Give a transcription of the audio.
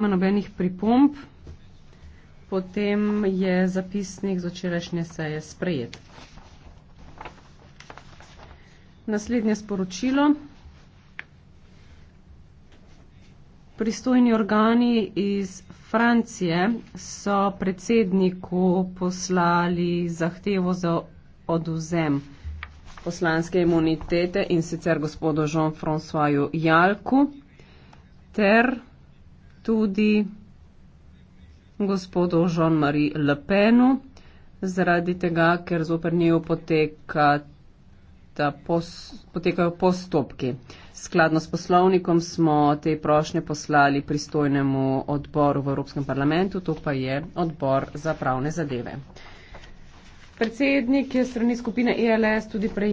ima nobenih pripomb, potem je zapisnik z včerajšnje seje sprejet. Naslednje sporočilo. Pristojni organi iz Francije so predsedniku poslali zahtevo za oduzem poslanske imunitete in sicer gospodu Jean-François Jalku ter tudi gospodu Jean-Marie Le Penu, zaradi tega, ker zoper njo poteka da pos, potekajo postopki. Skladno s poslovnikom smo te prošnje poslali pristojnemu odboru v Evropskem parlamentu, to pa je odbor za pravne zadeve. Predsednik je strani skupine ILS e tudi prej.